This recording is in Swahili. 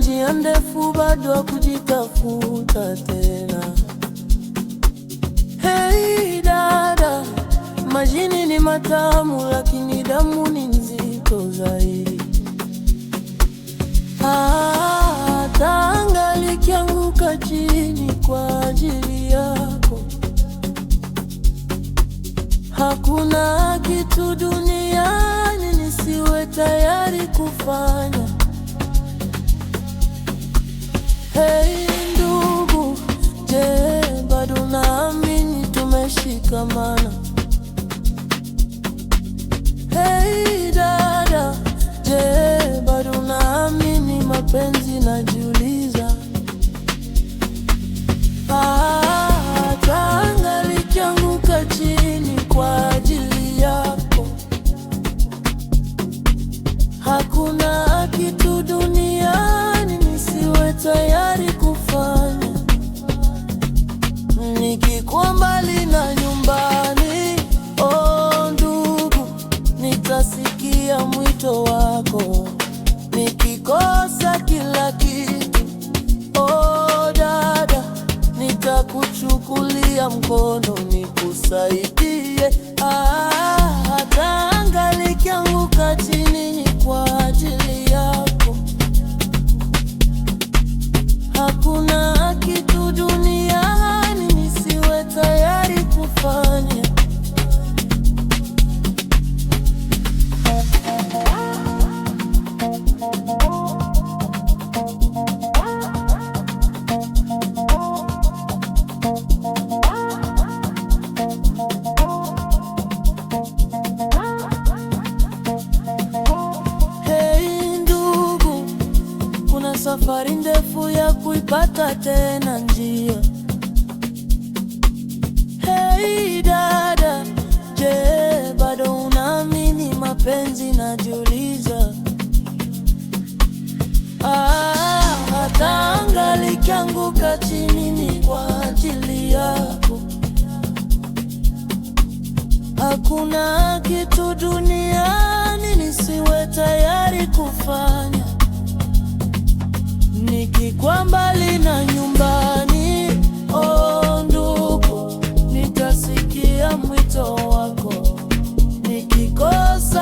njia ndefu bado kujitafuta tena. Hei dada, majini ni matamu Hakuna kitu duniani nisiwe tayari kufanya. Hey ndugu, je, bado naamini tumeshikamana? Hey dada, je, bado naamini mapenzi na juu mkono ni safari ndefu ya kuipata tena njia. Hey dada, je, bado unaamini mapenzi? Najiuliza ah, hata anga likianguka chini ni kwa ajili yako. Hakuna kitu duniani nisiwe tayari kufanya nikikwa mbali na nyumbani, oh ndugu, nitasikia mwito wako nikikosa